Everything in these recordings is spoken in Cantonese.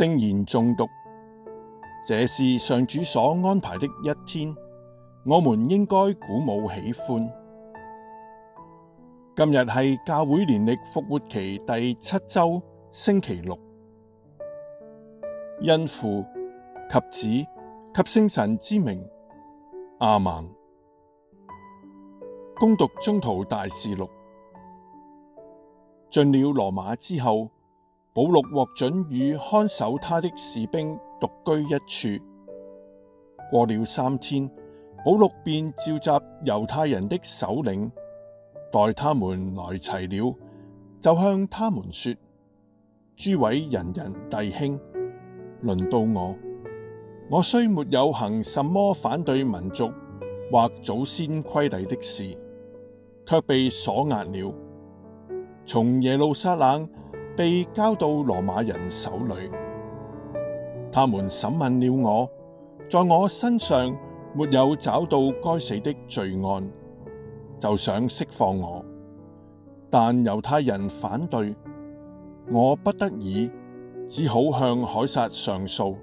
聖言誦讀，這是上主所安排的一天，我們應該鼓舞喜歡。今日是教會年曆復活期第七周星期六，因父及子及聖神之名，阿們。恭讀宗徒大事錄，進了羅馬之後。保祿獲准與看守他的士兵獨居一處。過了三天，保祿便召集猶太人的首領，待他們來齊了，就向他們說：諸位仁人弟兄，論到我，我雖沒有行什麼反對民族或祖先規例的事，却被鎖押了，從耶路撒冷。被交到羅馬人手裏，他們審問了我，在我身上沒有找到該死的罪案，就想釋放我。但猶太人反對，我不得已，只好向凱撒上訴，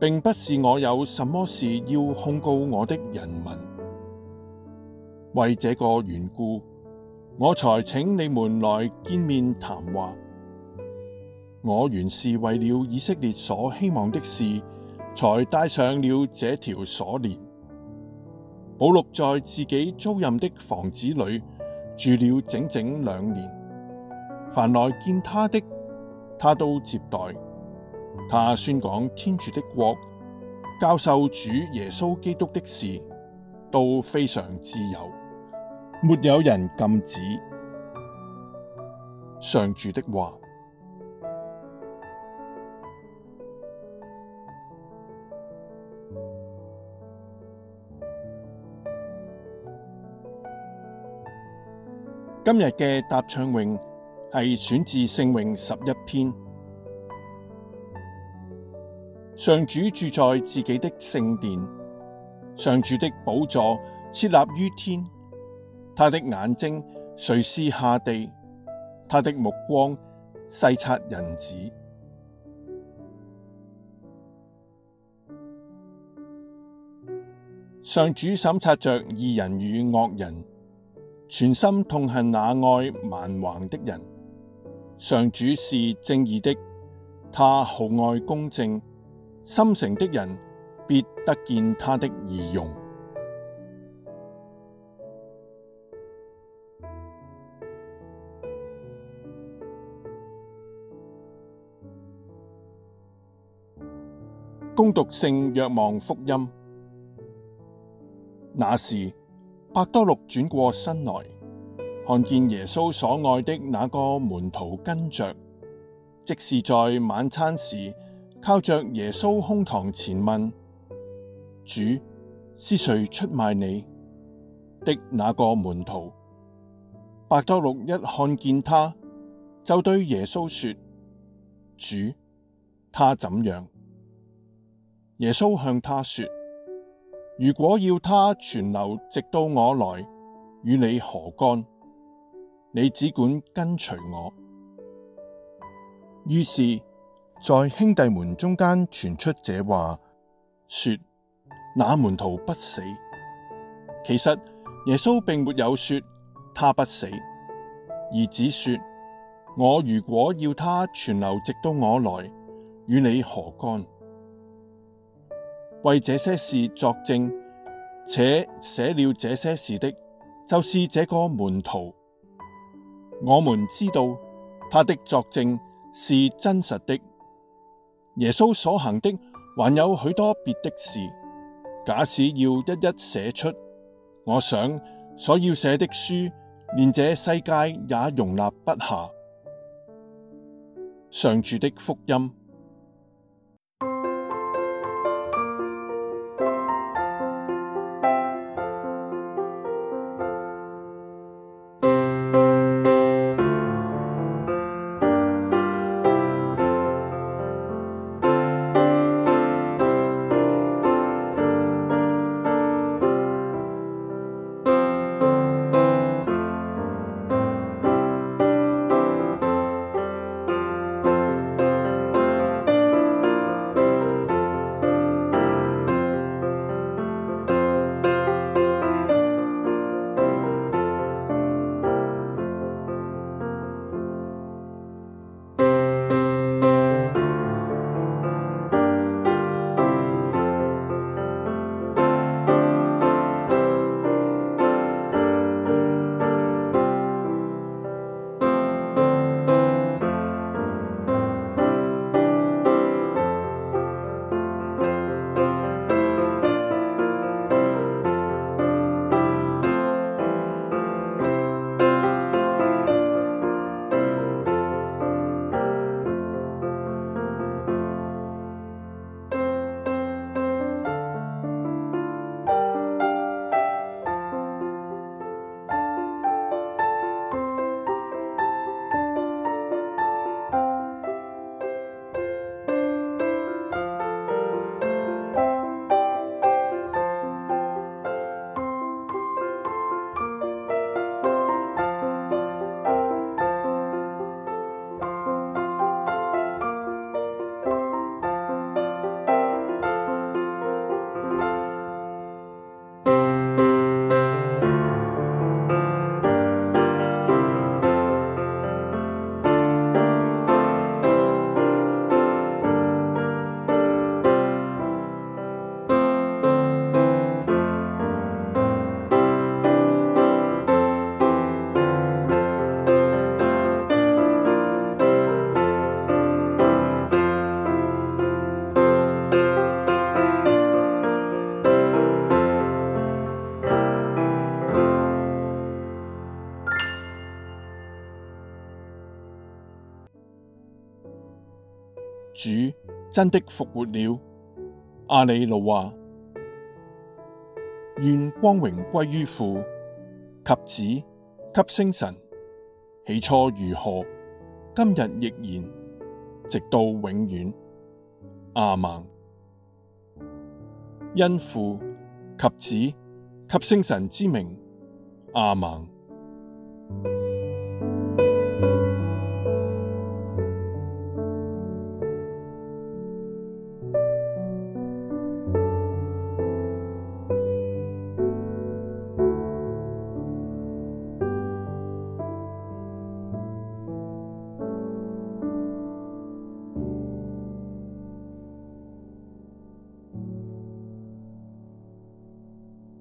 并不是我有什麼事要控告我的人民，為這個緣故。我才請你們來見面談話。我原是為了以色列所希望的事，才帶上了這條鎖鏈。保祿在自己租賃的房子裏住了整整兩年。凡來見他的，他都接待。他宣講天主的國，教授主耶穌基督的事，都非常自由。沒有人禁止。上主的話。今日嘅答唱詠，係選自聖詠十一篇。上主住在自己的聖殿，上主的寶座設立於天。他的眼睛垂視下地，他的目光細察人子。上主審察着義人與惡人，全心痛恨那愛蠻橫的人。上主是正義的，他酷愛公正，心誠的人必得見他的儀容。恭讀聖若望福音，那時伯多祿轉過身來，看見耶穌所愛的那個門徒跟着，即是在晚餐時靠着耶穌胸膛前問主是誰出賣你的那個門徒。伯多祿一看見他，就對耶穌說：主，他怎樣？耶穌向他說：如果要他存留直到我來，與你何干？你只管跟隨我。於是，在兄弟們中間傳出這話，說那門徒不死。其實耶穌並沒有說他不死，而只說：我如果要他存留直到我來，與你何干？為這些事作證，且寫了這些事的，就是這個門徒。我們知道他的作證是真實的。耶穌所行的，還有許多別的事，假使要一一寫出，我想所要寫的書，連這世界也容納不下。上主的福音。主真的復活了。阿里路話、啊：願光榮歸於父及子及聖神。起初如何，今日亦然，直到永遠。阿孟。因父及子及聖神之名。阿孟。